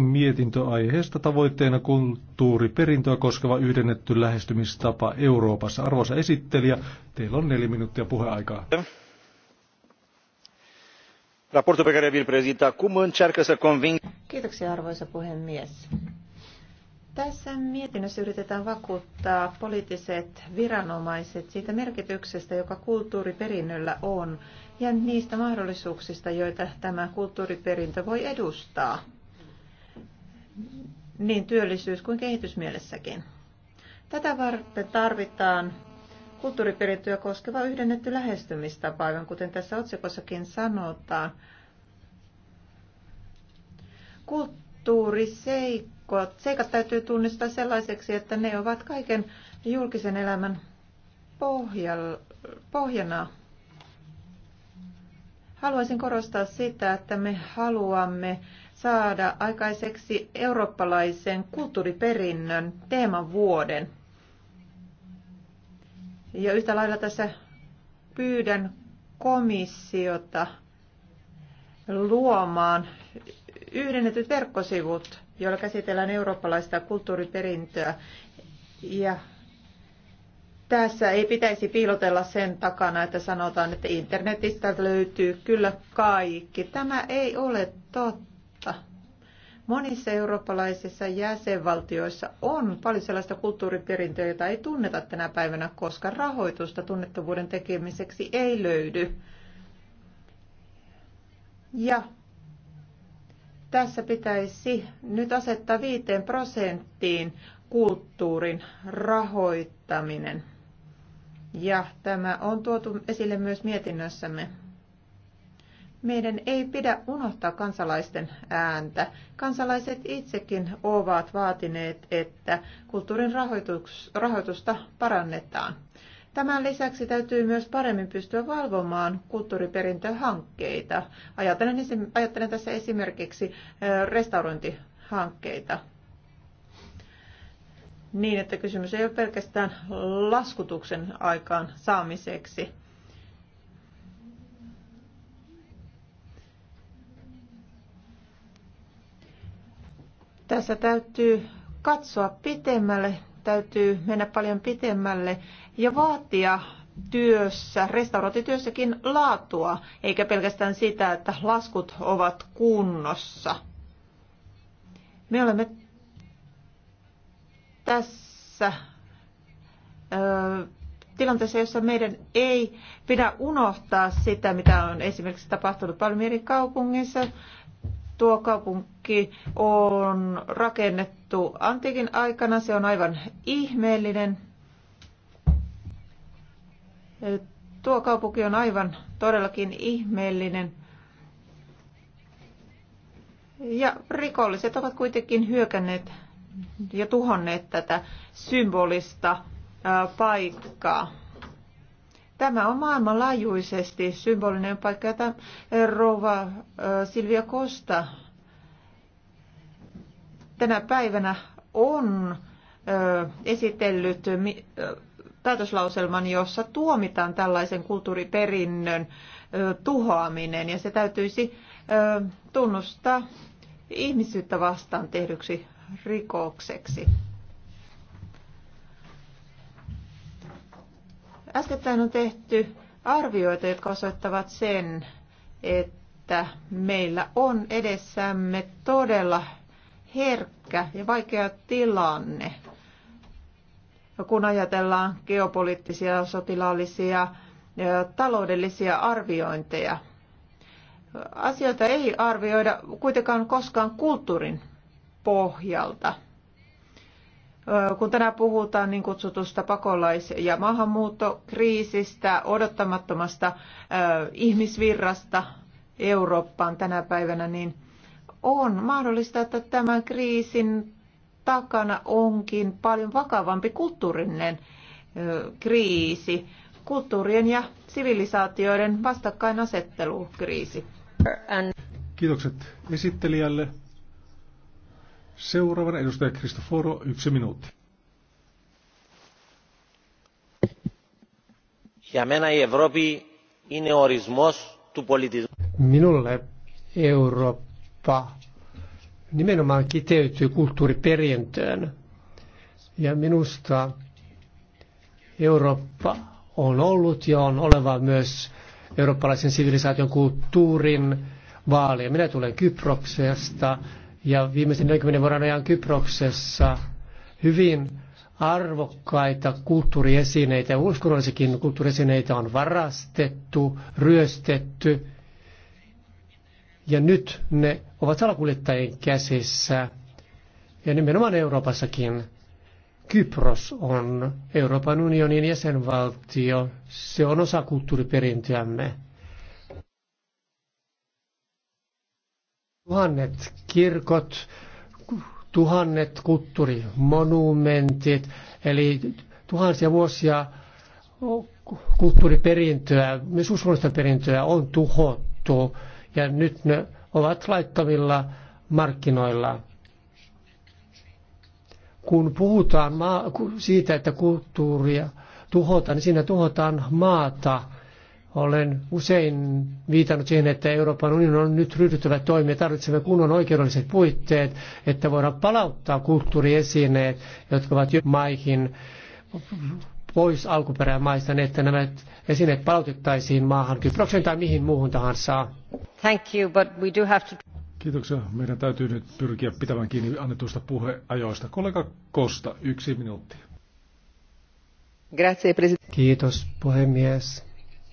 mietintö aiheesta tavoitteena kulttuuriperintöä koskeva yhdennetty lähestymistapa Euroopassa. Arvoisa esittelijä, teillä on neljä minuuttia puheaikaa. Kiitoksia arvoisa puhemies. Tässä mietinnössä yritetään vakuuttaa poliittiset viranomaiset siitä merkityksestä, joka kulttuuriperinnöllä on, ja niistä mahdollisuuksista, joita tämä kulttuuriperintö voi edustaa niin työllisyys- kuin kehitysmielessäkin. Tätä varten tarvitaan kulttuuriperintöä koskeva yhdennetty lähestymistapa, aivan kuten tässä otsikossakin sanotaan. Kulttuuriseikot, seikat täytyy tunnistaa sellaiseksi, että ne ovat kaiken julkisen elämän pohjana Haluaisin korostaa sitä, että me haluamme saada aikaiseksi eurooppalaisen kulttuuriperinnön teeman vuoden. Ja yhtä lailla tässä pyydän komissiota luomaan yhdennetyt verkkosivut, joilla käsitellään eurooppalaista kulttuuriperintöä ja tässä ei pitäisi piilotella sen takana, että sanotaan, että internetistä löytyy kyllä kaikki. Tämä ei ole totta. Monissa eurooppalaisissa jäsenvaltioissa on paljon sellaista kulttuuriperintöä, jota ei tunneta tänä päivänä, koska rahoitusta tunnettavuuden tekemiseksi ei löydy. Ja tässä pitäisi nyt asettaa viiteen prosenttiin kulttuurin rahoittaminen ja tämä on tuotu esille myös mietinnössämme. Meidän ei pidä unohtaa kansalaisten ääntä. Kansalaiset itsekin ovat vaatineet, että kulttuurin rahoitusta parannetaan. Tämän lisäksi täytyy myös paremmin pystyä valvomaan kulttuuriperintöhankkeita. Ajattelen, ajattelen tässä esimerkiksi restaurointihankkeita niin, että kysymys ei ole pelkästään laskutuksen aikaan saamiseksi. Tässä täytyy katsoa pitemmälle, täytyy mennä paljon pitemmälle ja vaatia työssä, restaurointityössäkin laatua, eikä pelkästään sitä, että laskut ovat kunnossa. Me olemme tässä ö, tilanteessa, jossa meidän ei pidä unohtaa sitä, mitä on esimerkiksi tapahtunut Palmierin kaupungissa. Tuo kaupunki on rakennettu antiikin aikana, se on aivan ihmeellinen. Tuo kaupunki on aivan todellakin ihmeellinen. Ja rikolliset ovat kuitenkin hyökänneet ja tuhonneet tätä symbolista paikkaa. Tämä on maailmanlaajuisesti symbolinen paikka, jota rouva Silvia Kosta tänä päivänä on esitellyt päätöslauselman, jossa tuomitaan tällaisen kulttuuriperinnön tuhoaminen ja se täytyisi tunnustaa ihmisyyttä vastaan tehdyksi rikokseksi. Äskettäin on tehty arvioita, jotka osoittavat sen, että meillä on edessämme todella herkkä ja vaikea tilanne, kun ajatellaan geopoliittisia, sotilaallisia ja taloudellisia arviointeja. Asioita ei arvioida kuitenkaan koskaan kulttuurin pohjalta. Kun tänään puhutaan niin kutsutusta pakolais- ja maahanmuuttokriisistä, odottamattomasta ihmisvirrasta Eurooppaan tänä päivänä, niin on mahdollista, että tämän kriisin takana onkin paljon vakavampi kulttuurinen kriisi, kulttuurien ja sivilisaatioiden vastakkainasettelukriisi. Kiitokset esittelijälle. Seuraavana edustaja Kristoforo, yksi minuutti. Ja μένα Euroopi ineorismos tu ο Minulle Eurooppa nimenomaan kiteytyy kulttuuriperintöön. Ja minusta Eurooppa on ollut ja on oleva myös eurooppalaisen sivilisaation kulttuurin vaalia. Minä tulen Kyproksesta, ja viimeisen 40 vuoden ajan Kyproksessa hyvin arvokkaita kulttuuriesineitä ja uskonnollisikin kulttuuriesineitä on varastettu, ryöstetty. Ja nyt ne ovat salakuljettajien käsissä. Ja nimenomaan Euroopassakin. Kypros on Euroopan unionin jäsenvaltio. Se on osa kulttuuriperintöämme. Tuhannet kirkot, tuhannet kulttuurimonumentit, eli tuhansia vuosia kulttuuriperintöä, myös uskonnollista perintöä on tuhottu ja nyt ne ovat laittomilla markkinoilla. Kun puhutaan maa, siitä, että kulttuuria tuhotaan, niin siinä tuhotaan maata, olen usein viitannut siihen, että Euroopan unionin on nyt ryhdyttävä toimia. Tarvitsemme kunnon oikeudelliset puitteet, että voidaan palauttaa kulttuuriesineet, jotka ovat jo maihin pois alkuperämaista, niin että nämä esineet palautettaisiin maahan Kyproksen tai mihin muuhun tahansa. Thank you, but we do have to... Kiitoksia. Meidän täytyy nyt pyrkiä pitämään kiinni annetuista puheajoista. Kollega Kosta, yksi minuutti. Grazie, Kiitos, puhemies.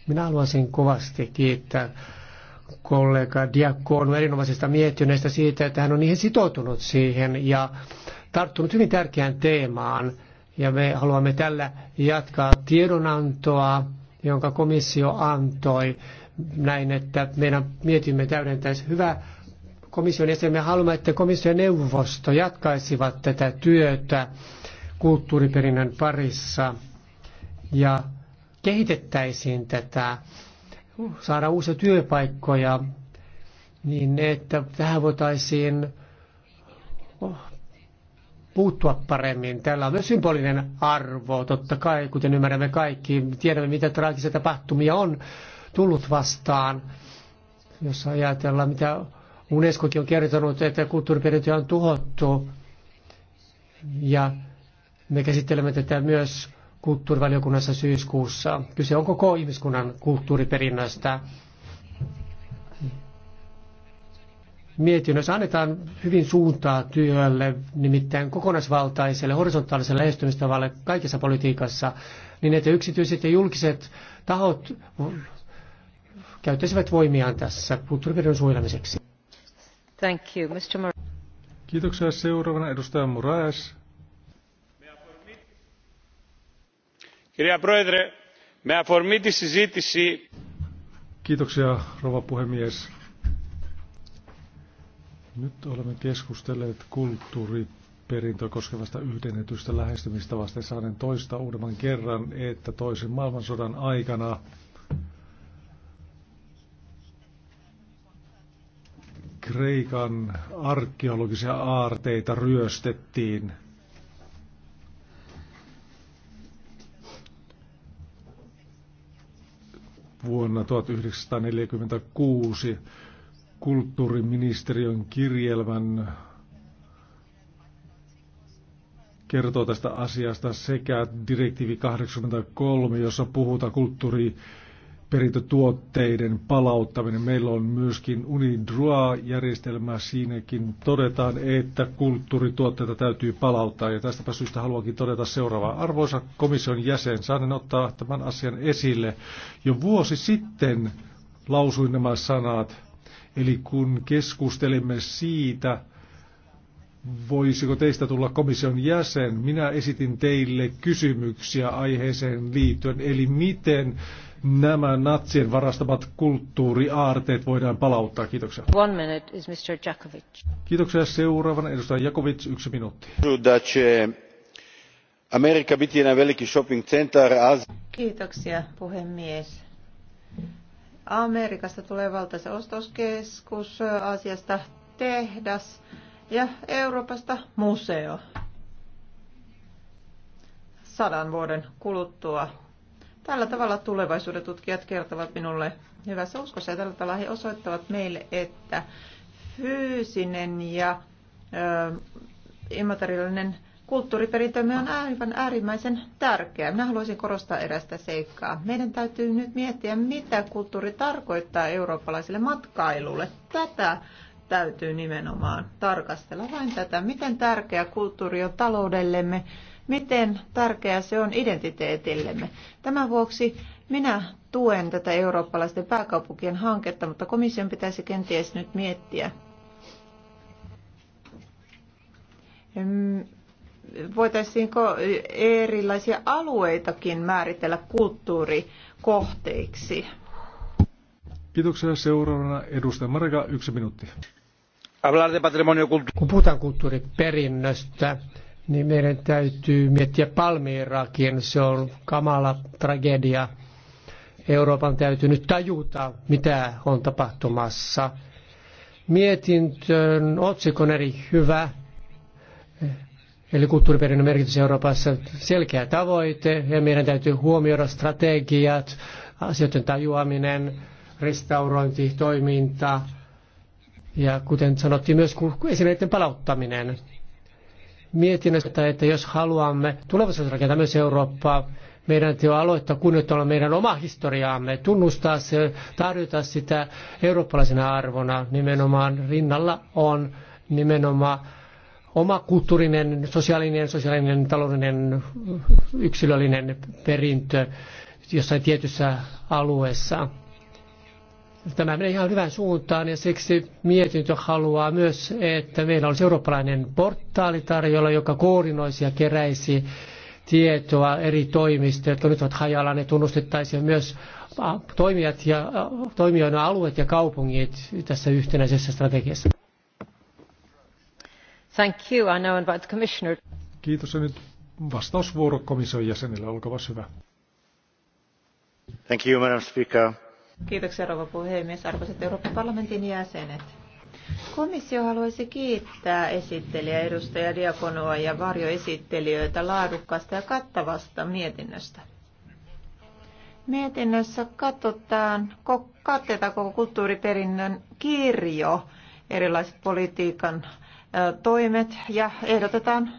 Minä haluaisin kovasti kiittää kollega Diakonu erinomaisesta mietinnöstä siitä, että hän on niihin sitoutunut siihen ja tarttunut hyvin tärkeään teemaan. Ja me haluamme tällä jatkaa tiedonantoa, jonka komissio antoi näin, että meidän mietimme täydentäisi hyvä komission jäsen. Me haluamme, että komission neuvosto jatkaisivat tätä työtä kulttuuriperinnön parissa ja kehitettäisiin tätä, saada uusia työpaikkoja, niin että tähän voitaisiin puuttua paremmin. Tällä on myös symbolinen arvo, totta kai, kuten ymmärrämme kaikki. Tiedämme, mitä traagisia tapahtumia on tullut vastaan. Jos ajatellaan, mitä Unescokin on kertonut, että kulttuuriperintöä on tuhottu. Ja me käsittelemme tätä myös kulttuurivaliokunnassa syyskuussa. Kyse on koko ihmiskunnan kulttuuriperinnöstä. Mietinnössä annetaan hyvin suuntaa työlle, nimittäin kokonaisvaltaiselle, horisontaaliselle lähestymistavalle kaikessa politiikassa, niin että yksityiset ja julkiset tahot käyttäisivät voimiaan tässä kulttuuriperinnön suojelemiseksi. Thank you, Mr. Mor- Kiitoksia. Seuraavana edustaja Moraes. Kirja Proedre, me aformi τη συζήτηση. Kiitoksia, rouva puhemies. Nyt olemme keskustelleet kulttuuriperintöä koskevasta yhdennetystä lähestymistavasta ja saanen toista uudemman kerran, että toisen maailmansodan aikana Kreikan arkeologisia aarteita ryöstettiin – vuonna 1946 kulttuuriministeriön kirjelmän kertoo tästä asiasta sekä direktiivi 83, jossa puhutaan kulttuuri perintötuotteiden palauttaminen. Meillä on myöskin unidroa järjestelmä Siinäkin todetaan, että kulttuurituotteita täytyy palauttaa. Ja tästäpä syystä haluankin todeta seuraavaa. Arvoisa komission jäsen, saan ottaa tämän asian esille. Jo vuosi sitten lausuin nämä sanat. Eli kun keskustelimme siitä, voisiko teistä tulla komission jäsen, minä esitin teille kysymyksiä aiheeseen liittyen. Eli miten nämä natsien varastamat kulttuuriaarteet voidaan palauttaa. Kiitoksia. One minute is Mr. Jakovic. Kiitoksia. Seuraavana edustaja Jakovic, yksi minuutti. Amerikka veliki shopping Kiitoksia puhemies. Amerikasta tulee valtaisa ostoskeskus, Aasiasta tehdas ja Euroopasta museo. Sadan vuoden kuluttua Tällä tavalla tulevaisuuden tutkijat kertovat minulle hyvässä uskossa ja tällä tavalla he osoittavat meille, että fyysinen ja ö, immateriaalinen kulttuuriperintömme on aivan äärimmäisen tärkeä. Minä haluaisin korostaa erästä seikkaa. Meidän täytyy nyt miettiä, mitä kulttuuri tarkoittaa eurooppalaiselle matkailulle. Tätä täytyy nimenomaan tarkastella vain tätä, miten tärkeä kulttuuri on taloudellemme, miten tärkeää se on identiteetillemme. Tämän vuoksi minä tuen tätä eurooppalaisten pääkaupunkien hanketta, mutta komission pitäisi kenties nyt miettiä. Voitaisiinko erilaisia alueitakin määritellä kulttuurikohteiksi? Kiitoksia. Seuraavana edustaja Marika, yksi minuutti. Kun puhutaan kulttuuriperinnöstä, niin meidän täytyy miettiä palmeerakin. Se on kamala tragedia. Euroopan täytyy nyt tajuta, mitä on tapahtumassa. Mietintön on eri hyvä, eli kulttuuriperinnön merkitys Euroopassa selkeä tavoite, ja meidän täytyy huomioida strategiat, asioiden tajuaminen, restaurointi, toiminta, ja kuten sanottiin myös esineiden palauttaminen mietinnästä, että jos haluamme tulevaisuudessa rakentaa myös Eurooppaa, meidän työ aloittaa kunnioittamalla meidän omaa historiaamme, tunnustaa se, tarjota sitä eurooppalaisena arvona nimenomaan rinnalla on nimenomaan oma kulttuurinen, sosiaalinen, sosiaalinen, taloudellinen, yksilöllinen perintö jossain tietyssä alueessa. Tämä menee ihan hyvään suuntaan ja siksi mietintö haluaa myös, että meillä olisi eurooppalainen portaali tarjolla, joka koordinoisi ja keräisi tietoa eri toimista, jotka nyt ovat hajalla, ne tunnustettaisiin myös toimijat ja, toimijoina alueet ja kaupungit tässä yhtenäisessä strategiassa. Thank you. I know about the commissioner. Kiitos ja nyt vastausvuoro komission jäsenille. Olkaa hyvä. Thank you, Madam Speaker. Kiitoksia rouva puhemies, arvoisat Euroopan parlamentin jäsenet. Komissio haluaisi kiittää esittelijä edustaja Diakonoa ja varjoesittelijöitä laadukkaasta ja kattavasta mietinnöstä. Mietinnössä katsotaan, katsotaan koko kulttuuriperinnön kirjo, erilaiset politiikan toimet ja ehdotetaan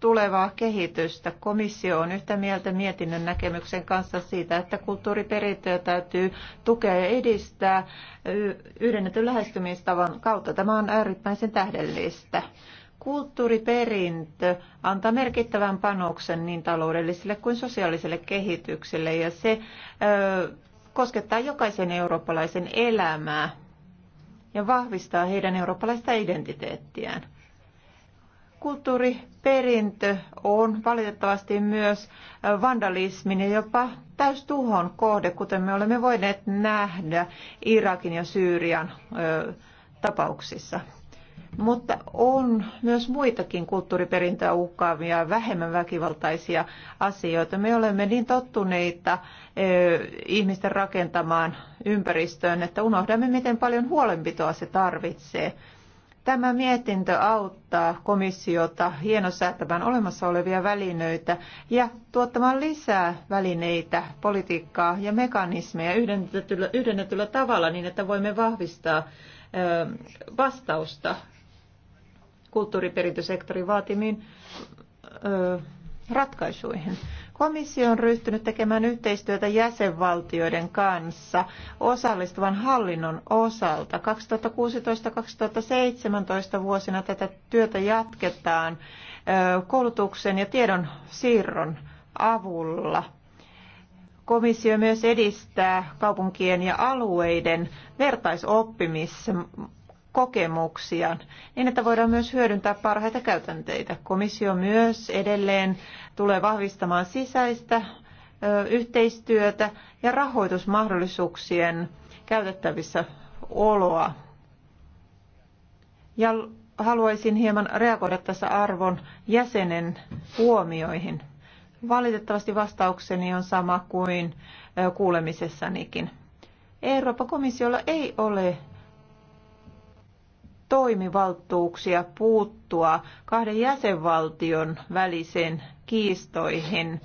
tulevaa kehitystä. Komissio on yhtä mieltä mietinnön näkemyksen kanssa siitä, että kulttuuriperintöä täytyy tukea ja edistää yhdennetyn lähestymistavan kautta. Tämä on äärimmäisen tähdellistä. Kulttuuriperintö antaa merkittävän panoksen niin taloudelliselle kuin sosiaaliselle kehitykselle ja se ö, koskettaa jokaisen eurooppalaisen elämää ja vahvistaa heidän eurooppalaista identiteettiään. Kulttuuriperintö on valitettavasti myös vandalismin ja jopa täystuhon kohde, kuten me olemme voineet nähdä Irakin ja Syyrian tapauksissa. Mutta on myös muitakin kulttuuriperintöä uhkaavia, vähemmän väkivaltaisia asioita. Me olemme niin tottuneita ihmisten rakentamaan ympäristöön, että unohdamme, miten paljon huolenpitoa se tarvitsee. Tämä mietintö auttaa komissiota hienosäätämään olemassa olevia välineitä ja tuottamaan lisää välineitä, politiikkaa ja mekanismeja yhdennetyllä, yhdennetyllä tavalla niin, että voimme vahvistaa vastausta kulttuuriperintösektorin vaatimiin ratkaisuihin. Komissio on ryhtynyt tekemään yhteistyötä jäsenvaltioiden kanssa osallistuvan hallinnon osalta. 2016-2017 vuosina tätä työtä jatketaan koulutuksen ja tiedon siirron avulla. Komissio myös edistää kaupunkien ja alueiden vertaisoppimismahdollisuuksia kokemuksiaan, niin että voidaan myös hyödyntää parhaita käytänteitä. Komissio myös edelleen tulee vahvistamaan sisäistä yhteistyötä ja rahoitusmahdollisuuksien käytettävissä oloa. Ja haluaisin hieman reagoida tässä arvon jäsenen huomioihin. Valitettavasti vastaukseni on sama kuin kuulemisessanikin. Euroopan komissiolla ei ole toimivaltuuksia puuttua kahden jäsenvaltion väliseen kiistoihin.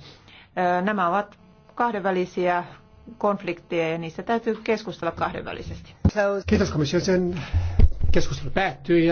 Nämä ovat kahdenvälisiä konflikteja ja niistä täytyy keskustella kahdenvälisesti. Kiitos komission sen keskustelu päättyy.